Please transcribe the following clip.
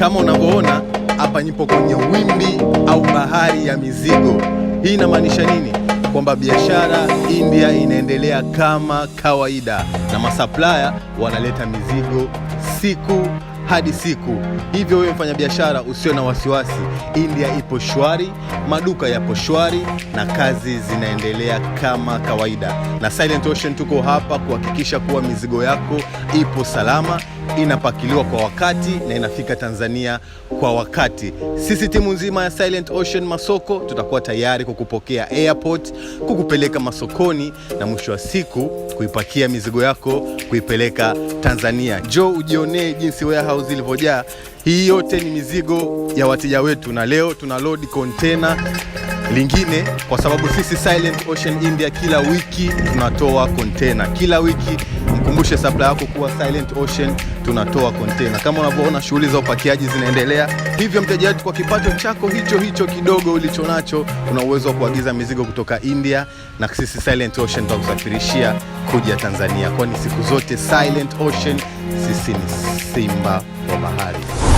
Kama unavyoona hapa, nipo kwenye wimbi au bahari ya mizigo. Hii inamaanisha nini? Kwamba biashara India inaendelea kama kawaida, na masaplaya wanaleta mizigo siku hadi siku. Hivyo wewe mfanyabiashara, usio na wasiwasi, India ipo shwari, maduka yapo shwari na kazi zinaendelea kama kawaida. Na Silent Ocean tuko hapa kuhakikisha kuwa mizigo yako ipo salama inapakiliwa kwa wakati na inafika Tanzania kwa wakati. Sisi timu nzima ya Silent Ocean Masoko tutakuwa tayari kukupokea airport, kukupeleka masokoni na mwisho wa siku kuipakia mizigo yako kuipeleka Tanzania. Njoo ujionee jinsi warehouse ilivyojaa. Hii yote ni mizigo ya wateja wetu, na leo tuna load container lingine kwa sababu sisi Silent Ocean India kila wiki tunatoa container, kila wiki Kumbushe supply yako kuwa Silent Ocean, tunatoa kontena. Kama unavyoona shughuli za upakiaji zinaendelea, hivyo mteja wetu, kwa kipato chako hicho hicho kidogo nacho, una uwezo wa kuagiza mizigo kutoka India na sisi Silent Ocean tutakusafirishia kuja Tanzania, kwani siku zote Silent Ocean sisi ni simba wa bahari.